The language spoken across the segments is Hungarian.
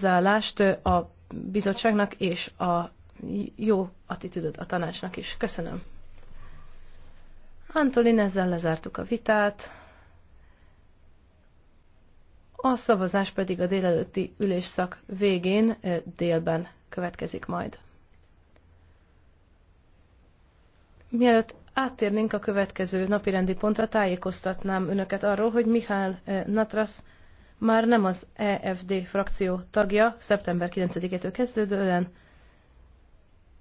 hozzáállást a bizottságnak és a jó attitűdöt a tanácsnak is. Köszönöm. Antolin, ezzel lezártuk a vitát. A szavazás pedig a délelőtti ülésszak végén délben következik majd. Mielőtt áttérnénk a következő napirendi pontra, tájékoztatnám önöket arról, hogy Mihály Natrasz már nem az EFD frakció tagja szeptember 9-től kezdődően,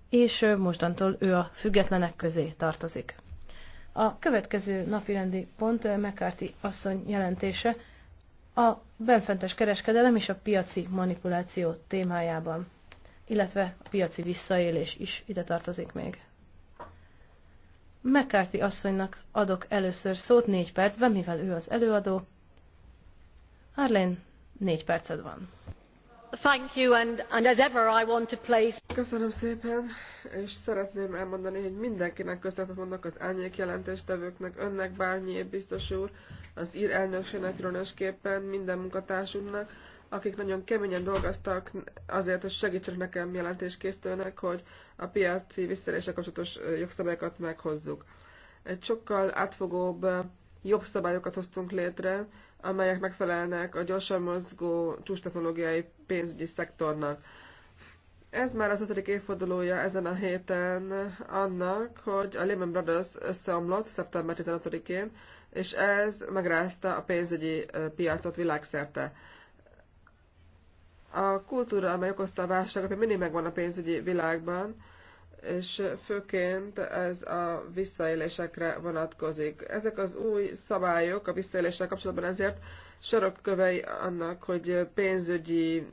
és mostantól ő a függetlenek közé tartozik. A következő napirendi pont McCarthy asszony jelentése a benfentes kereskedelem és a piaci manipuláció témájában, illetve a piaci visszaélés is ide tartozik még. McCarthy asszonynak adok először szót négy percben, mivel ő az előadó, Arlene, négy perced van. Thank you, and, and as ever I want to place... Köszönöm szépen, és szeretném elmondani, hogy mindenkinek köszönetet mondok az árnyék jelentéstevőknek, önnek, Bárnyi, biztos úr, az ír elnökségnek különösképpen, minden munkatársunknak, akik nagyon keményen dolgoztak azért, hogy segítsenek nekem jelentéskészítőnek, hogy a piaci visszaélése kapcsolatos jogszabályokat meghozzuk. Egy sokkal átfogóbb jobb szabályokat hoztunk létre, amelyek megfelelnek a gyorsan mozgó csústechnológiai pénzügyi szektornak. Ez már az ötödik évfordulója ezen a héten annak, hogy a Lehman Brothers összeomlott szeptember 15-én, és ez megrázta a pénzügyi piacot világszerte. A kultúra, amely okozta a válságot, még mindig megvan a pénzügyi világban, és főként ez a visszaélésekre vonatkozik. Ezek az új szabályok a visszaéléssel kapcsolatban ezért sarokkövei annak, hogy pénzügyi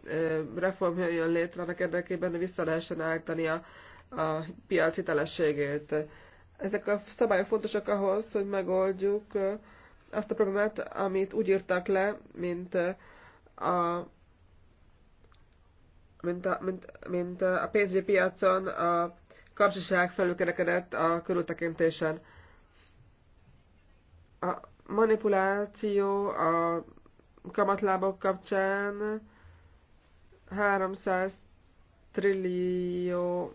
reform jön létre annak érdekében, hogy vissza lehessen állítani a, a piac hitelességét. Ezek a szabályok fontosak ahhoz, hogy megoldjuk azt a problémát, amit úgy írtak le, mint a mint a, mint, mint a pénzügyi piacon a kapcsiság felülkerekedett a körültekintésen. A manipuláció a kamatlábok kapcsán 300 trillió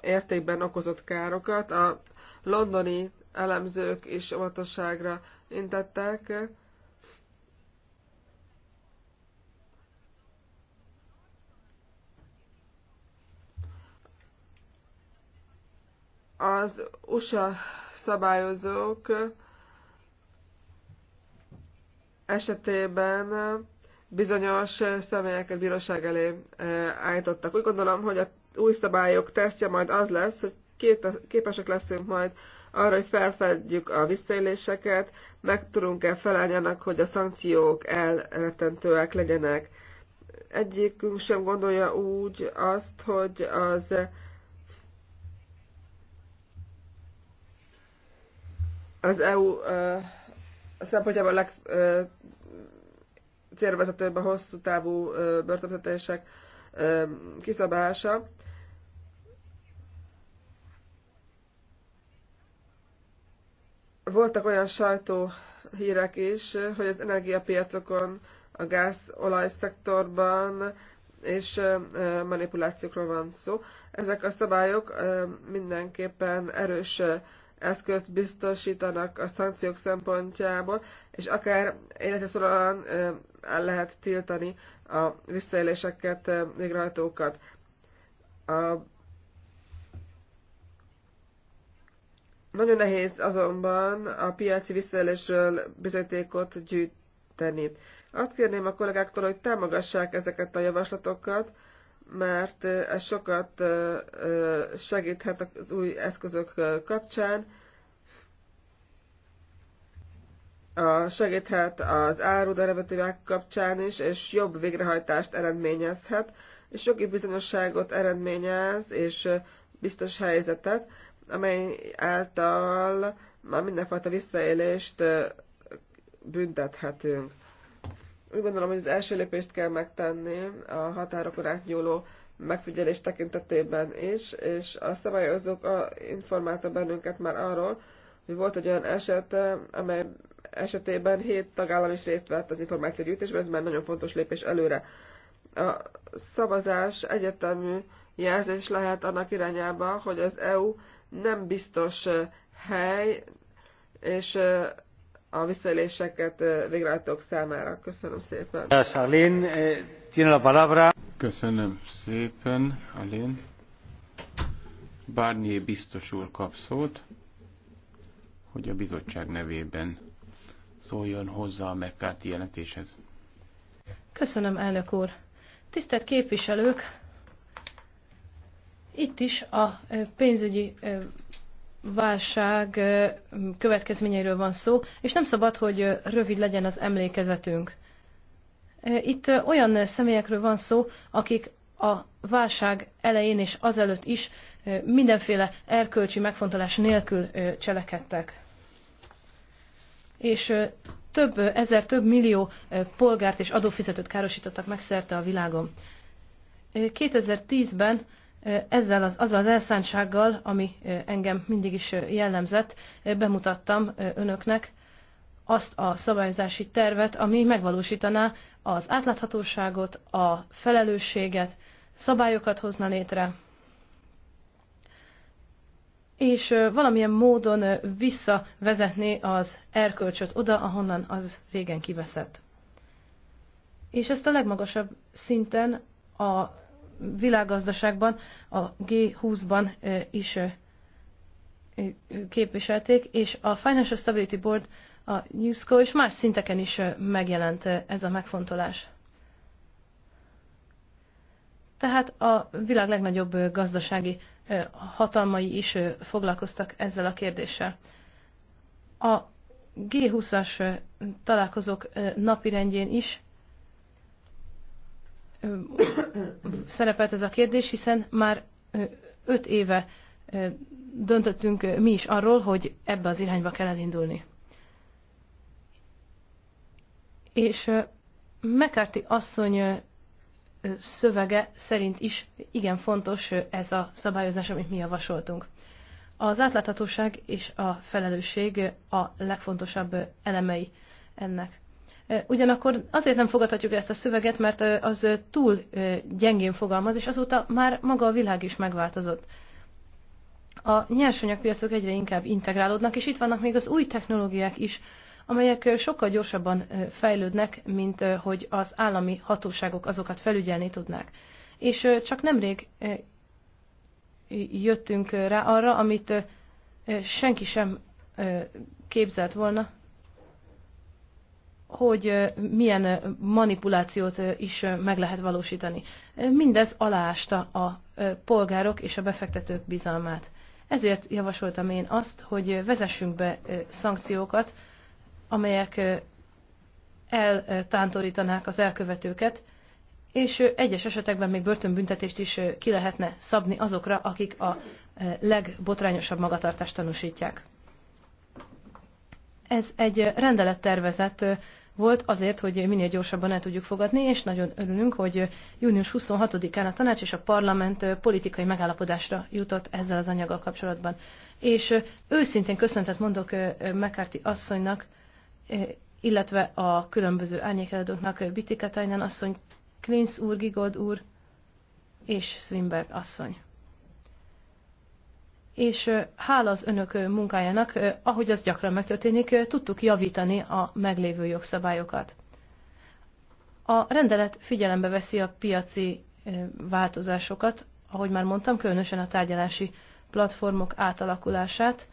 értékben okozott károkat. A londoni elemzők is óvatosságra intettek. Az USA szabályozók esetében bizonyos személyeket bíróság elé eh, állítottak. Úgy gondolom, hogy a új szabályok tesztje majd az lesz, hogy képesek leszünk majd arra, hogy felfedjük a visszaéléseket, meg tudunk-e felállni annak, hogy a szankciók elrettentőek legyenek. Egyikünk sem gondolja úgy azt, hogy az az EU szempontjából a legcélvezetőbb a hosszú távú börtöntetések kiszabása. Voltak olyan sajtó hírek is, hogy az energiapiacokon, a gáz-olaj szektorban és manipulációkról van szó. Ezek a szabályok mindenképpen erős eszközt biztosítanak a szankciók szempontjából, és akár életre szólóan el lehet tiltani a visszaéléseket, végrehajtókat. A Nagyon nehéz azonban a piaci visszaélésről bizonyítékot gyűjteni. Azt kérném a kollégáktól, hogy támogassák ezeket a javaslatokat, mert eh, ez sokat eh, eh, segíthet az új eszközök kapcsán, segíthet az áruderevatívák kapcsán is, és jobb végrehajtást eredményezhet, és jogi bizonyosságot eredményez, és biztos helyzetet, amely által már mindenfajta visszaélést büntethetünk. Úgy gondolom, hogy az első lépést kell megtenni a határokon átnyúló megfigyelés tekintetében is, és a szabályozók a, informálta bennünket már arról, hogy volt egy olyan eset, amely esetében hét tagállam is részt vett az információ gyűjtésben, ez már nagyon fontos lépés előre. A szavazás egyetemű jelzés lehet annak irányába, hogy az EU nem biztos eh, hely, és eh, a visszaéléseket végrehajtók számára. Köszönöm szépen. Eh, Köszönöm szépen, Alén. Barnier biztos úr kap szót, hogy a bizottság nevében szóljon hozzá a megkárti jelentéshez. Köszönöm, elnök úr. Tisztelt képviselők, itt is a pénzügyi válság következményeiről van szó, és nem szabad, hogy rövid legyen az emlékezetünk. Itt olyan személyekről van szó, akik a válság elején és azelőtt is mindenféle erkölcsi megfontolás nélkül cselekedtek. És több ezer, több millió polgárt és adófizetőt károsítottak meg szerte a világon. 2010-ben ezzel az, azzal az elszántsággal, ami engem mindig is jellemzett, bemutattam önöknek azt a szabályozási tervet, ami megvalósítaná az átláthatóságot, a felelősséget, szabályokat hozna létre, és valamilyen módon visszavezetné az erkölcsöt oda, ahonnan az régen kiveszett. És ezt a legmagasabb szinten a világgazdaságban, a G20-ban is képviselték, és a Financial Stability Board, a NewsCo és más szinteken is megjelent ez a megfontolás. Tehát a világ legnagyobb gazdasági hatalmai is foglalkoztak ezzel a kérdéssel. A G20-as találkozók napirendjén is szerepelt ez a kérdés, hiszen már öt éve döntöttünk mi is arról, hogy ebbe az irányba kell elindulni. És McCarthy asszony szövege szerint is igen fontos ez a szabályozás, amit mi javasoltunk. Az átláthatóság és a felelősség a legfontosabb elemei ennek. Ugyanakkor azért nem fogadhatjuk ezt a szöveget, mert az túl gyengén fogalmaz, és azóta már maga a világ is megváltozott. A nyersanyagpiacok egyre inkább integrálódnak, és itt vannak még az új technológiák is, amelyek sokkal gyorsabban fejlődnek, mint hogy az állami hatóságok azokat felügyelni tudnák. És csak nemrég jöttünk rá arra, amit senki sem képzelt volna, hogy milyen manipulációt is meg lehet valósítani. Mindez aláásta a polgárok és a befektetők bizalmát. Ezért javasoltam én azt, hogy vezessünk be szankciókat, amelyek eltántorítanák az elkövetőket, és egyes esetekben még börtönbüntetést is ki lehetne szabni azokra, akik a legbotrányosabb magatartást tanúsítják. Ez egy rendelettervezet volt azért, hogy minél gyorsabban el tudjuk fogadni, és nagyon örülünk, hogy június 26-án a tanács és a parlament politikai megállapodásra jutott ezzel az anyaggal kapcsolatban. És őszintén köszöntet mondok McCarthy asszonynak, illetve a különböző árnyékeladóknak, Bitika Tajnán asszony, Klinz úr, Gigold úr és Swinberg asszony és hála az önök munkájának, ahogy az gyakran megtörténik, tudtuk javítani a meglévő jogszabályokat. A rendelet figyelembe veszi a piaci változásokat, ahogy már mondtam, különösen a tárgyalási platformok átalakulását,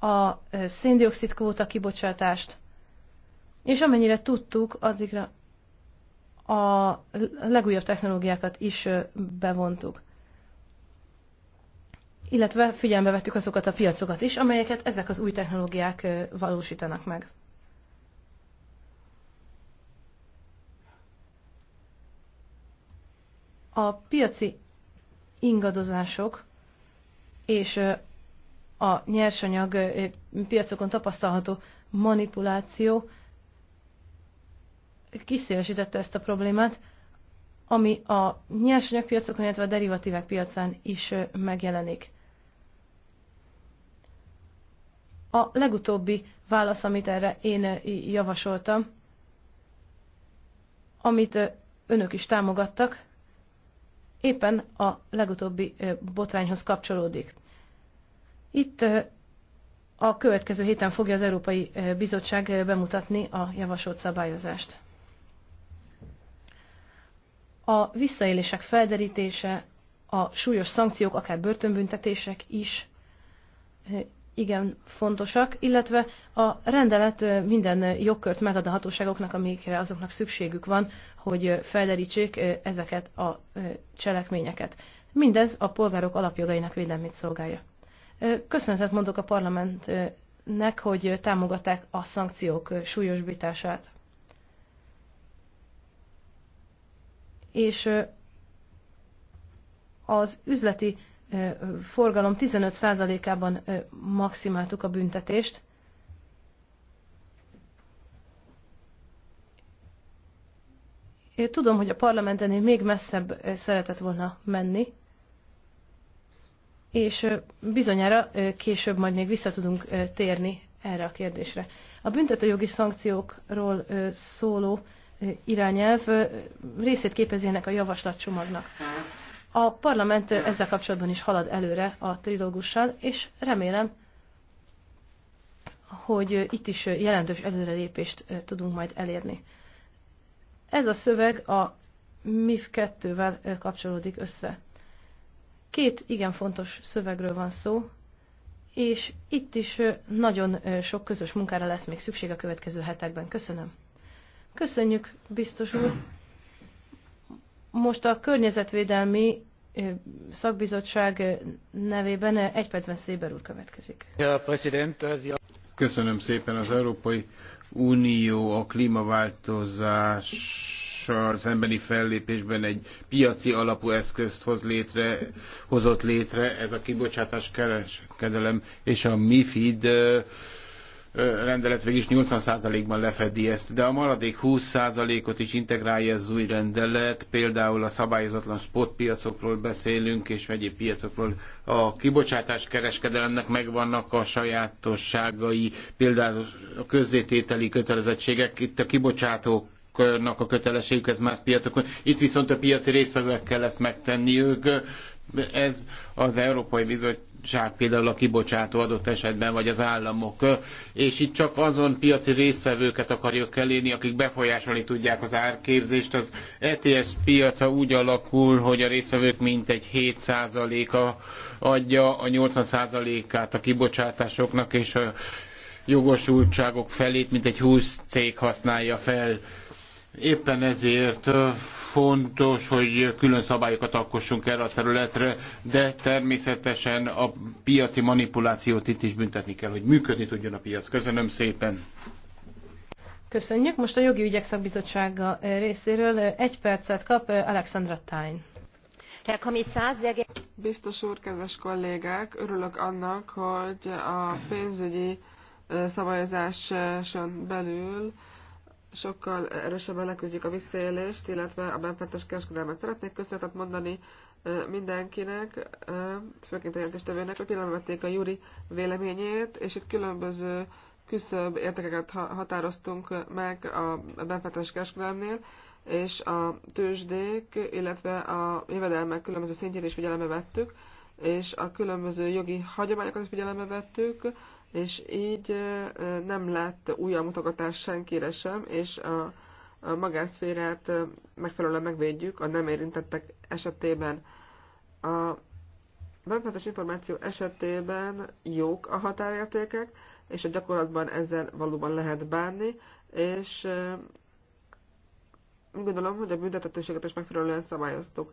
a széndiokszid kvóta kibocsátást, és amennyire tudtuk, addigra a legújabb technológiákat is bevontuk illetve figyelembe vettük azokat a piacokat is, amelyeket ezek az új technológiák valósítanak meg. A piaci ingadozások és a nyersanyag piacokon tapasztalható manipuláció kiszélesítette ezt a problémát, ami a nyersanyagpiacokon, illetve a derivatívek piacán is megjelenik. A legutóbbi válasz, amit erre én eh, javasoltam, amit eh, önök is támogattak, éppen a legutóbbi eh, botrányhoz kapcsolódik. Itt a következő héten fogja az Európai Bizottság bemutatni a javasolt szabályozást. A visszaélések felderítése, a súlyos szankciók, akár börtönbüntetések is igen fontosak, illetve a rendelet minden jogkört megad a hatóságoknak, amikre azoknak szükségük van, hogy felderítsék ezeket a cselekményeket. Mindez a polgárok alapjogainak védelmét szolgálja. Köszönetet mondok a parlamentnek, hogy támogatták a szankciók súlyosbítását. És az üzleti forgalom 15%-ában maximáltuk a büntetést. Én tudom, hogy a parlamenten még messzebb szeretett volna menni, és bizonyára később majd még vissza tudunk térni erre a kérdésre. A büntetőjogi szankciókról szóló irányelv részét képezének a javaslatcsomagnak. A parlament ezzel kapcsolatban is halad előre a trilógussal, és remélem, hogy itt is jelentős előrelépést tudunk majd elérni. Ez a szöveg a MIF 2-vel kapcsolódik össze. Két igen fontos szövegről van szó, és itt is nagyon sok közös munkára lesz még szükség a következő hetekben. Köszönöm. Köszönjük, biztos úr! Most a környezetvédelmi szakbizottság nevében egy percben Széber úr következik. Äh, Köszönöm szépen az Európai Unió a klímaváltozással szembeni fellépésben egy piaci alapú eszközt hoz létre, hozott létre, ez a kibocsátás kereskedelem és a MIFID rendelet végig 80%-ban lefedi ezt, de a maradék 20%-ot is integrálja ez az új rendelet, például a szabályozatlan spotpiacokról beszélünk, és egyéb piacokról. A kibocsátás kereskedelemnek megvannak a sajátosságai, például a közzétételi kötelezettségek, itt a kibocsátók a kötelességük ez más piacokon. Itt viszont a piaci résztvevőkkel ezt megtenni ők. Ez az Európai Bizottság bizottság például a kibocsátó adott esetben, vagy az államok, és itt csak azon piaci résztvevőket akarjuk elérni, akik befolyásolni tudják az árképzést. Az ETS piaca úgy alakul, hogy a résztvevők mintegy 7%-a adja a 80%-át a kibocsátásoknak, és a jogosultságok felét mintegy 20 cég használja fel Éppen ezért fontos, hogy külön szabályokat alkossunk erre a területre, de természetesen a piaci manipulációt itt is büntetni kell, hogy működni tudjon a piac. Köszönöm szépen! Köszönjük. Most a Jogi Ügyek Szakbizottsága részéről egy percet kap Alexandra Tyne. Biztos úr, kedves kollégák, örülök annak, hogy a pénzügyi szabályozáson belül sokkal erősebben leküzdjük a visszaélést, illetve a benfentes kereskedelmet. Szeretnék köszönetet mondani mindenkinek, főként a jelentéstevőnek, hogy vették a Júri véleményét, és itt különböző küszöbb értékeket határoztunk meg a benfentes kereskedelmnél, és a tőzsdék, illetve a jövedelmek különböző szintjét is figyelembe vettük, és a különböző jogi hagyományokat is figyelembe vettük, és így nem lett újabb mutogatás senkire sem, és a, a magánszférát megfelelően megvédjük a nem érintettek esetében. A bevezetés információ esetében jók a határértékek, és a gyakorlatban ezzel valóban lehet bánni, és úgy gondolom, hogy a büntethetőséget is megfelelően szabályoztuk.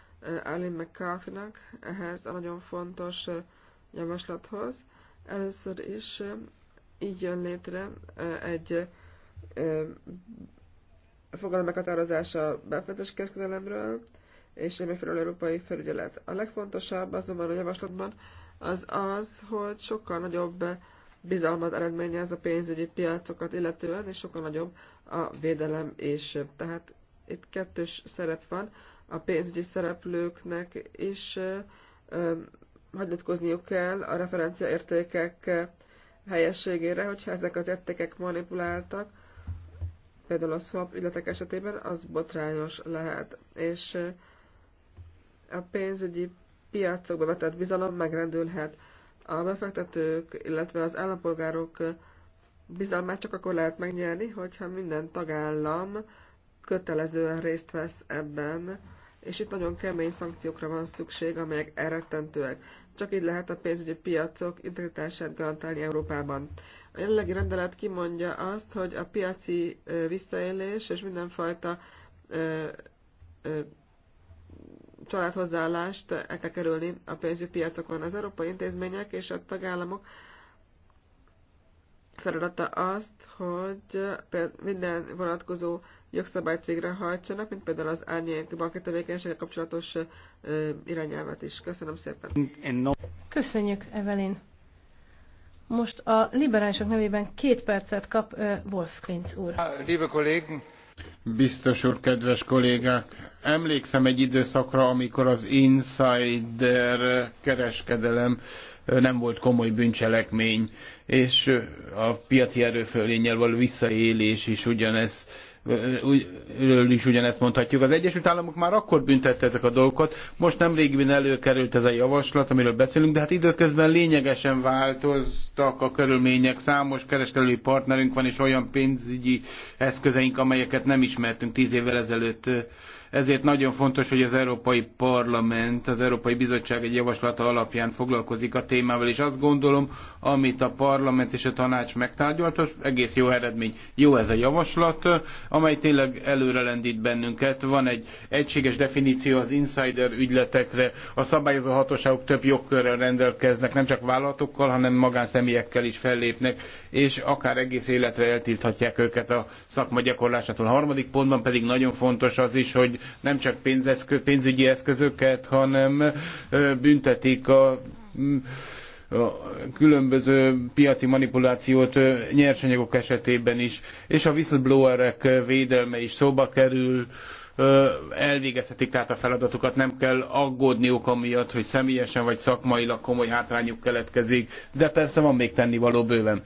Alin mccarthy ehhez a nagyon fontos javaslathoz. Először is így jön létre egy fogalom meghatározása befektetés kereskedelemről, és egy megfelelő európai felügyelet. A legfontosabb azonban a javaslatban az az, hogy sokkal nagyobb bizalmat eredményez a pénzügyi piacokat illetően, és sokkal nagyobb a védelem is. Tehát itt kettős szerep van a pénzügyi szereplőknek is hagyatkozniuk kell a referenciaértékek helyességére, hogyha ezek az értékek manipuláltak, például a swap ügyletek esetében, az botrányos lehet. És a pénzügyi piacokba vetett bizalom megrendülhet. A befektetők, illetve az állampolgárok bizalmát csak akkor lehet megnyerni, hogyha minden tagállam kötelezően részt vesz ebben, és itt nagyon kemény szankciókra van szükség, amelyek elrettentőek. Csak így lehet a pénzügyi piacok integritását garantálni Európában. A jelenlegi rendelet kimondja azt, hogy a piaci visszaélés és mindenfajta ö, ö, családhozzáállást el kell kerülni a pénzügyi piacokon. Az európai intézmények és a tagállamok feladata azt, hogy minden vonatkozó jogszabályt végrehajtsanak, mint például az árnyék banki tevékenységgel kapcsolatos irányelvet is. Köszönöm szépen. Köszönjük, Evelyn. Most a liberálisok nevében két percet kap Wolf Klinz úr. Liebe Kollegen, Biztos úr, kedves kollégák! Emlékszem egy időszakra, amikor az insider kereskedelem nem volt komoly bűncselekmény, és a piaci erőfölényel való visszaélés is ugyanez ről is ugyanezt mondhatjuk. Az Egyesült Államok már akkor büntette ezek a dolgokat, most nem régiben előkerült ez a javaslat, amiről beszélünk, de hát időközben lényegesen változtak a körülmények, számos kereskedői partnerünk van, és olyan pénzügyi eszközeink, amelyeket nem ismertünk tíz évvel ezelőtt. Ezért nagyon fontos, hogy az Európai Parlament, az Európai Bizottság egy javaslata alapján foglalkozik a témával, és azt gondolom, amit a parlament és a tanács megtárgyalt, az egész jó eredmény. Jó ez a javaslat, amely tényleg előre lendít bennünket. Van egy egységes definíció az insider ügyletekre. A szabályozó hatóságok több jogkörrel rendelkeznek, nem csak vállalatokkal, hanem magánszemélyekkel is fellépnek, és akár egész életre eltilthatják őket a szakma gyakorlásától. A harmadik pontban pedig nagyon fontos az is, hogy nem csak pénzeszkö, pénzügyi eszközöket, hanem büntetik a különböző piaci manipulációt nyersanyagok esetében is, és a whistleblowerek védelme is szóba kerül, elvégezhetik tehát a feladatukat, nem kell aggódniuk amiatt, hogy személyesen vagy szakmailag komoly hátrányuk keletkezik, de persze van még tennivaló bőven.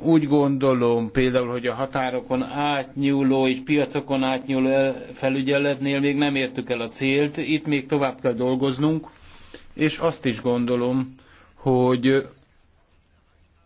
Úgy gondolom például, hogy a határokon átnyúló és piacokon átnyúló felügyeletnél még nem értük el a célt, itt még tovább kell dolgoznunk, és azt is gondolom, hogy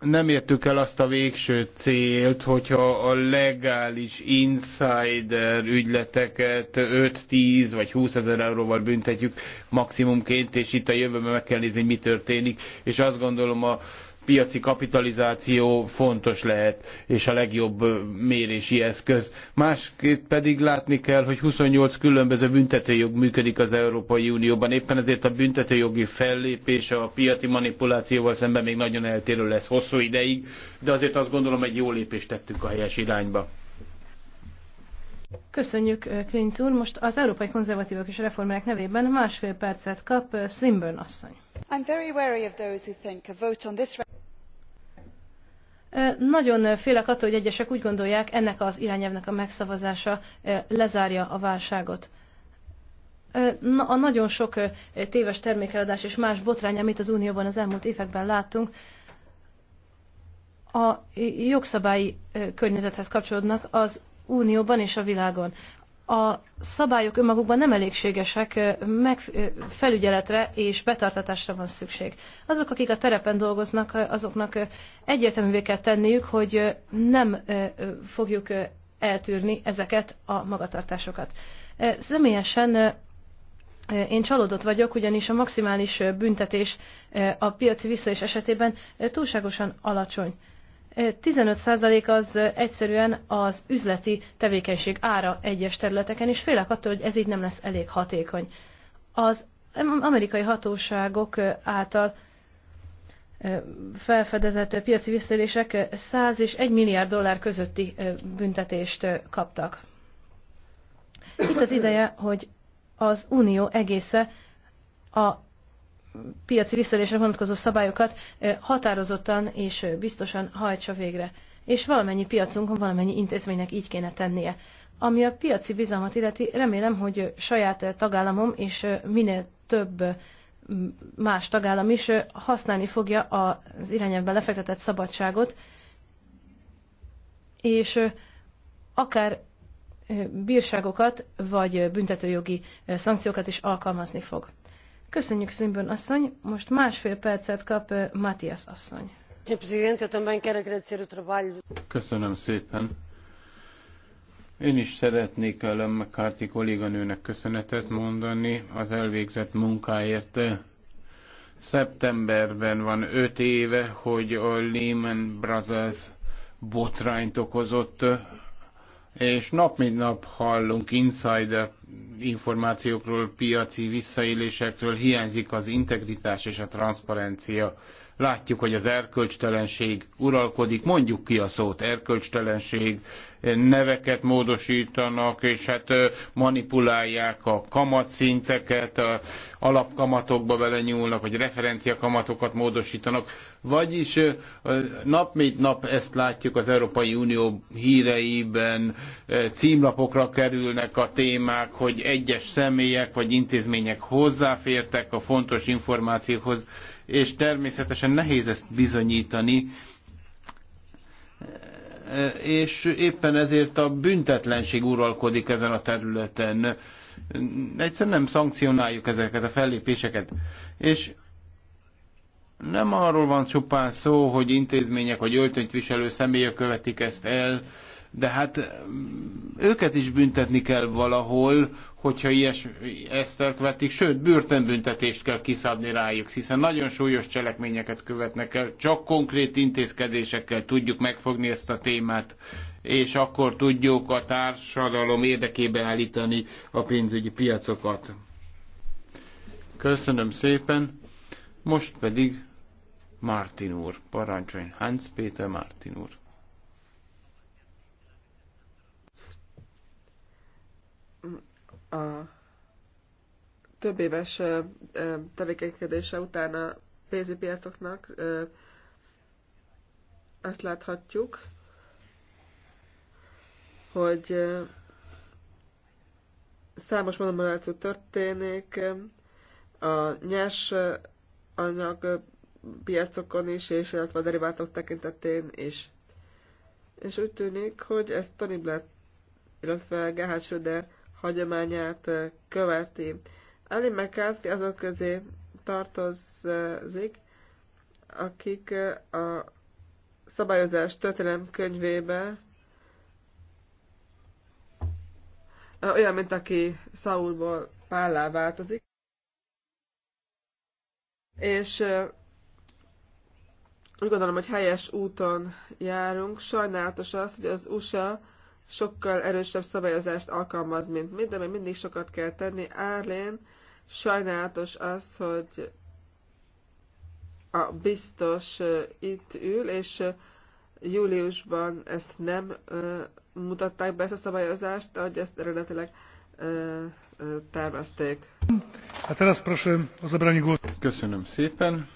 nem értük el azt a végső célt, hogyha a legális insider ügyleteket 5-10 vagy 20 ezer euróval büntetjük maximumként, és itt a jövőben meg kell nézni, mi történik. És azt gondolom a piaci kapitalizáció fontos lehet, és a legjobb mérési eszköz. Másképp pedig látni kell, hogy 28 különböző büntetőjog működik az Európai Unióban. Éppen ezért a büntetőjogi fellépés a piaci manipulációval szemben még nagyon eltérő lesz hosszú ideig, de azért azt gondolom, egy jó lépést tettünk a helyes irányba. Köszönjük, Klinc úr. Most az Európai Konzervatívok és Reformerek nevében másfél percet kap Swinburne asszony. I'm very wary of those who think a vote on this nagyon félek attól, hogy egyesek úgy gondolják, ennek az irányelvnek a megszavazása lezárja a válságot. A nagyon sok téves termékeladás és más botrány, amit az Unióban az elmúlt években láttunk, a jogszabályi környezethez kapcsolódnak az Unióban és a világon a szabályok önmagukban nem elégségesek, meg felügyeletre és betartatásra van szükség. Azok, akik a terepen dolgoznak, azoknak egyértelművé kell tenniük, hogy nem fogjuk eltűrni ezeket a magatartásokat. Személyesen én csalódott vagyok, ugyanis a maximális büntetés a piaci visszaés esetében túlságosan alacsony. 15% az egyszerűen az üzleti tevékenység ára egyes területeken, és félek attól, hogy ez így nem lesz elég hatékony. Az amerikai hatóságok által felfedezett piaci visszaélések 100 és 1 milliárd dollár közötti büntetést kaptak. Itt az ideje, hogy az Unió egésze a piaci visszaélésre vonatkozó szabályokat határozottan és biztosan hajtsa végre. És valamennyi piacunkon, valamennyi intézménynek így kéne tennie. Ami a piaci bizalmat illeti, remélem, hogy saját tagállamom és minél több más tagállam is használni fogja az irányelvben lefektetett szabadságot, és akár bírságokat vagy büntetőjogi szankciókat is alkalmazni fog. Köszönjük, Swinburne asszony. Most másfél percet kap Matthias asszony. Köszönöm szépen. Én is szeretnék Ellen McCarthy kolléganőnek köszönetet mondani az elvégzett munkáért. Szeptemberben van öt éve, hogy a Lehman Brothers botrányt okozott és nap mint nap hallunk insider információkról, piaci visszaélésekről, hiányzik az integritás és a transzparencia. Látjuk, hogy az erkölcstelenség uralkodik, mondjuk ki a szót, erkölcstelenség, neveket módosítanak, és hát manipulálják a kamatszinteket, a alapkamatokba belenyúlnak, vagy referenciakamatokat módosítanak. Vagyis nap mint nap ezt látjuk az Európai Unió híreiben, címlapokra kerülnek a témák, hogy egyes személyek vagy intézmények hozzáfértek a fontos információkhoz, és természetesen nehéz ezt bizonyítani, és éppen ezért a büntetlenség uralkodik ezen a területen. Egyszerűen nem szankcionáljuk ezeket a fellépéseket. És nem arról van csupán szó, hogy intézmények vagy öltönyt viselő személyek követik ezt el, de hát mm, őket is büntetni kell valahol, hogyha ilyes, ezt elkövetik, sőt, börtönbüntetést kell kiszabni rájuk, hiszen nagyon súlyos cselekményeket követnek el, csak konkrét intézkedésekkel tudjuk megfogni ezt a témát, és akkor tudjuk a társadalom érdekébe állítani a pénzügyi piacokat. Köszönöm szépen, most pedig Martin úr, parancsony Hans Péter Martin úr. a több éves tevékenykedése után a pénzügypiacoknak azt láthatjuk, hogy számos manipuláció történik a nyers anyag piacokon is, és illetve a derivátok tekintetén is. És úgy tűnik, hogy ez Tony Blair, illetve Gerhard Schröder hagyományát követi. Ellie McCarthy azok közé tartozik, akik a szabályozás történelem könyvébe olyan, mint aki Saulból Pállá változik. És úgy gondolom, hogy helyes úton járunk. Sajnálatos az, hogy az USA sokkal erősebb szabályozást alkalmaz, mint mi, de még mindig sokat kell tenni. Árlén sajnálatos az, hogy a biztos itt ül, és júliusban ezt nem mutatták be, ezt a szabályozást, ahogy ezt eredetileg tervezték. Hát teraz prosím, o zabranie głosu. Köszönöm szépen.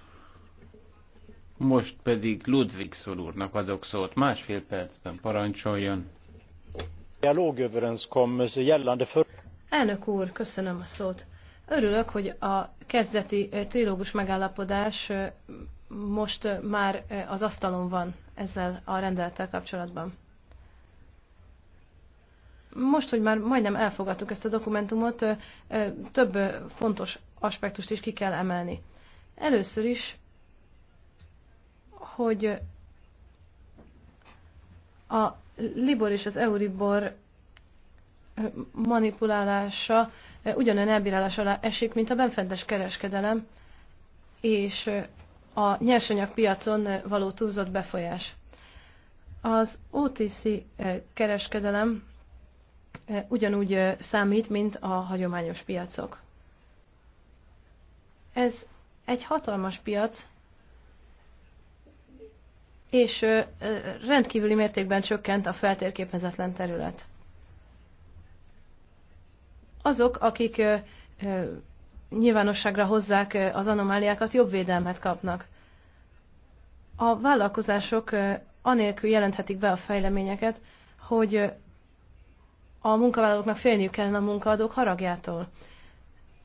Most pedig Ludwig úrnak adok szót. Másfél percben parancsoljon. Elnök úr, köszönöm a szót. Örülök, hogy a kezdeti trilógus megállapodás most már az asztalon van ezzel a rendelettel kapcsolatban. Most, hogy már majdnem elfogadtuk ezt a dokumentumot, több fontos aspektust is ki kell emelni. Először is, hogy a Libor és az Euribor manipulálása ugyanolyan elbírálás alá esik, mint a benfentes kereskedelem és a nyersanyagpiacon való túlzott befolyás. Az OTC kereskedelem ugyanúgy számít, mint a hagyományos piacok. Ez egy hatalmas piac, és rendkívüli mértékben csökkent a feltérképezetlen terület. Azok, akik nyilvánosságra hozzák az anomáliákat, jobb védelmet kapnak. A vállalkozások anélkül jelenthetik be a fejleményeket, hogy a munkavállalóknak félniük kellene a munkaadók haragjától.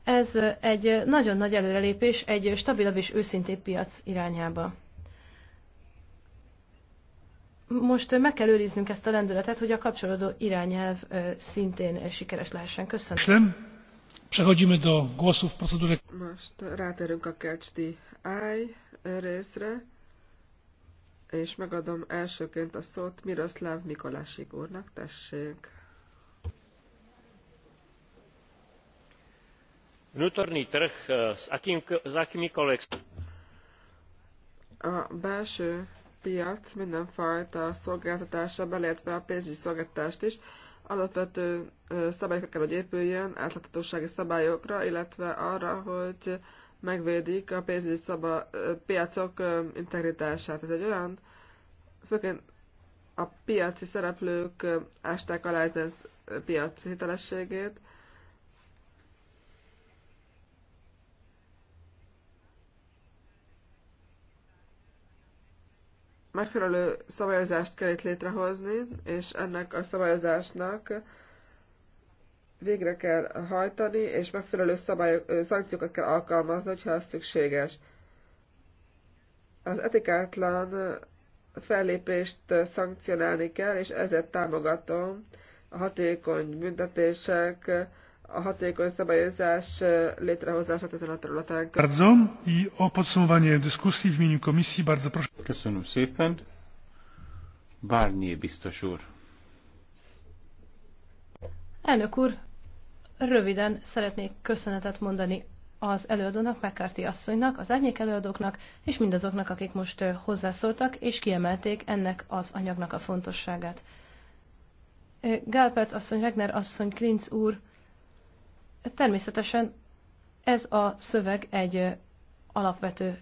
Ez egy nagyon nagy előrelépés egy stabilabb és őszintébb piac irányába most meg kell őriznünk ezt a lendületet, hogy a kapcsolódó irányelv szintén sikeres lehessen. Köszönöm. Köszönöm. Przechodzimy do głosów w procedurze. Most ráterünk a kecsti áj részre, és megadom elsőként a szót Miroslav Mikolásik úrnak. Tessék. Vnútorný trh e, s, akým, s akýmikoľvek... A belső piac mindenfajta szolgáltatása, beleértve a pénzügyi szolgáltatást is, alapvető szabályokra kell, hogy épüljön, átláthatósági szabályokra, illetve arra, hogy megvédik a pénzügyi szaba, piacok integritását. Ez egy olyan, főként a piaci szereplők ásták alá ez piac hitelességét, megfelelő szabályozást kell itt létrehozni, és ennek a szabályozásnak végre kell hajtani, és megfelelő szabályok, szankciókat kell alkalmazni, ha az szükséges. Az etikátlan fellépést szankcionálni kell, és ezért támogatom a hatékony büntetések, a hatékony szabályozás létrehozását ezen a területen. Bardzo i o podsumowanie dyskusji w imieniu komisji bardzo proszę. Köszönöm szépen. Barnier biztos úr. Elnök úr, röviden szeretnék köszönetet mondani az előadónak, McCarthy asszonynak, az árnyék előadóknak, és mindazoknak, akik most hozzászóltak, és kiemelték ennek az anyagnak a fontosságát. Gálpert asszony, Regner asszony, Klinz úr, Természetesen ez a szöveg egy alapvető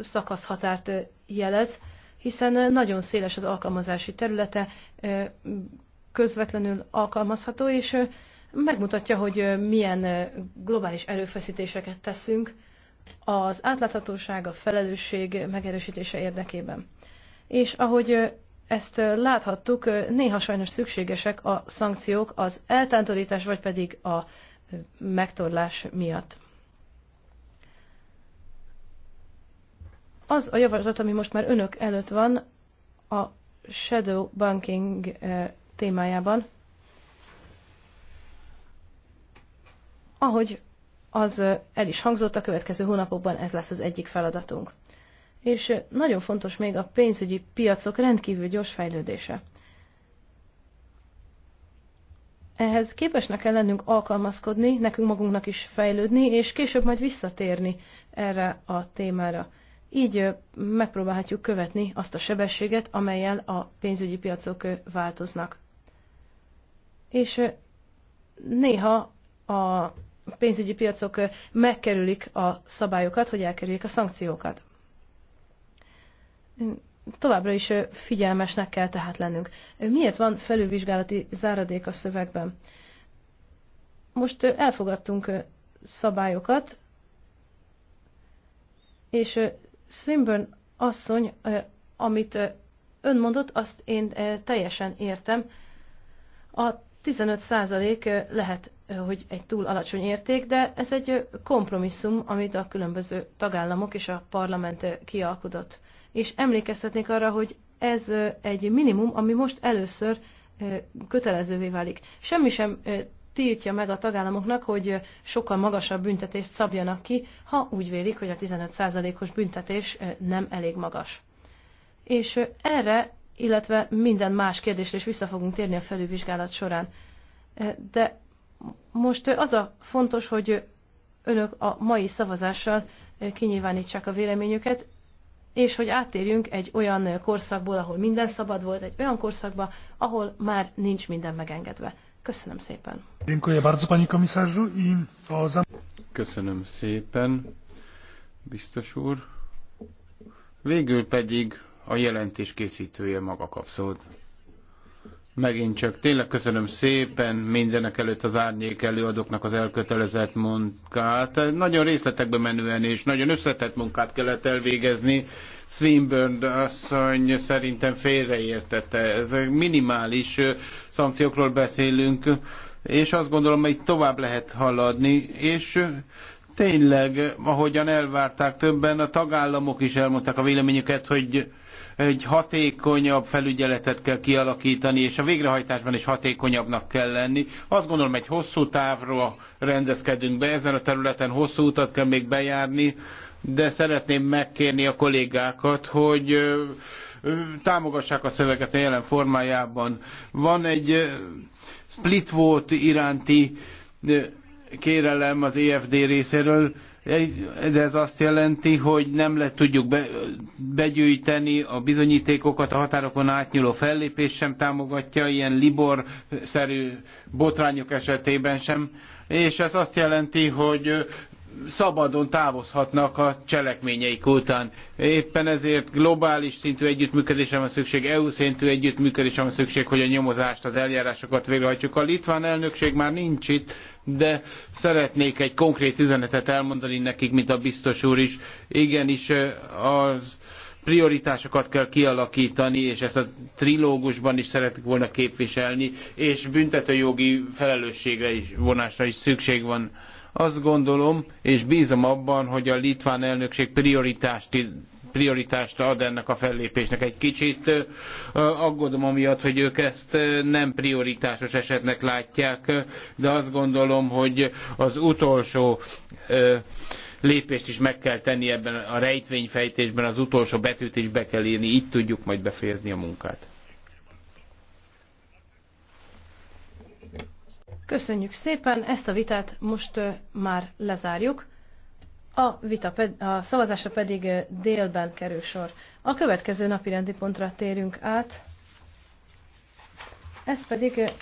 szakaszhatárt jelez, hiszen nagyon széles az alkalmazási területe, közvetlenül alkalmazható, és megmutatja, hogy milyen globális erőfeszítéseket teszünk az átláthatóság, a felelősség megerősítése érdekében. És ahogy ezt láthattuk, néha sajnos szükségesek a szankciók, az eltántorítás vagy pedig a megtorlás miatt. Az a javaslat, ami most már önök előtt van, a shadow banking eh, témájában, ahogy az eh, el is hangzott, a következő hónapokban ez lesz az egyik feladatunk. És eh, nagyon fontos még a pénzügyi piacok rendkívül gyors fejlődése. Ehhez képesnek kell lennünk alkalmazkodni, nekünk magunknak is fejlődni, és később majd visszatérni erre a témára. Így megpróbálhatjuk követni azt a sebességet, amelyel a pénzügyi piacok változnak. És néha a pénzügyi piacok megkerülik a szabályokat, hogy elkerüljék a szankciókat továbbra is figyelmesnek kell tehát lennünk. Miért van felülvizsgálati záradék a szövegben? Most elfogadtunk szabályokat, és Swinburne asszony, amit ön mondott, azt én teljesen értem. A 15% lehet, hogy egy túl alacsony érték, de ez egy kompromisszum, amit a különböző tagállamok és a parlament kialkudott és emlékeztetnék arra, hogy ez egy minimum, ami most először kötelezővé válik. Semmi sem tiltja meg a tagállamoknak, hogy sokkal magasabb büntetést szabjanak ki, ha úgy vélik, hogy a 15%-os büntetés nem elég magas. És erre, illetve minden más kérdésre is vissza fogunk térni a felülvizsgálat során. De most az a fontos, hogy önök a mai szavazással kinyilvánítsák a véleményüket, és hogy áttérjünk egy olyan korszakból, ahol minden szabad volt, egy olyan korszakba, ahol már nincs minden megengedve. Köszönöm szépen. Köszönöm szépen, biztos úr. Végül pedig a jelentés készítője maga kap szót. Megint csak tényleg köszönöm szépen mindenek előtt az árnyék előadóknak az elkötelezett munkát. Nagyon részletekbe menően és nagyon összetett munkát kellett elvégezni. Swinburne asszony szerintem félreértette. Ez minimális szankciókról beszélünk, és azt gondolom, hogy tovább lehet haladni, és tényleg, ahogyan elvárták többen, a tagállamok is elmondták a véleményüket, hogy egy hatékonyabb felügyeletet kell kialakítani, és a végrehajtásban is hatékonyabbnak kell lenni. Azt gondolom, egy hosszú távra rendezkedünk be, ezen a területen hosszú utat kell még bejárni, de szeretném megkérni a kollégákat, hogy támogassák a szöveget a jelen formájában. Van egy split vote iránti kérelem az EFD részéről, de ez azt jelenti, hogy nem le tudjuk be, begyűjteni a bizonyítékokat, a határokon átnyúló fellépés sem támogatja, ilyen Libor-szerű botrányok esetében sem. És ez azt jelenti, hogy szabadon távozhatnak a cselekményeik után. Éppen ezért globális szintű együttműködésre van szükség, EU szintű együttműködésre van szükség, hogy a nyomozást, az eljárásokat végrehajtsuk. A litván elnökség már nincs itt, de szeretnék egy konkrét üzenetet elmondani nekik, mint a biztos úr is. Igenis az prioritásokat kell kialakítani, és ezt a trilógusban is szeretik volna képviselni, és büntetőjogi felelősségre is, vonásra is szükség van azt gondolom, és bízom abban, hogy a litván elnökség prioritást prioritást ad ennek a fellépésnek. Egy kicsit aggódom amiatt, hogy ők ezt nem prioritásos esetnek látják, de azt gondolom, hogy az utolsó lépést is meg kell tenni ebben a rejtvényfejtésben, az utolsó betűt is be kell írni, így tudjuk majd befejezni a munkát. Köszönjük szépen, ezt a vitát most már lezárjuk. A, vita, a szavazásra pedig délben kerül sor. A következő napi rendi pontra térünk át. Ez pedig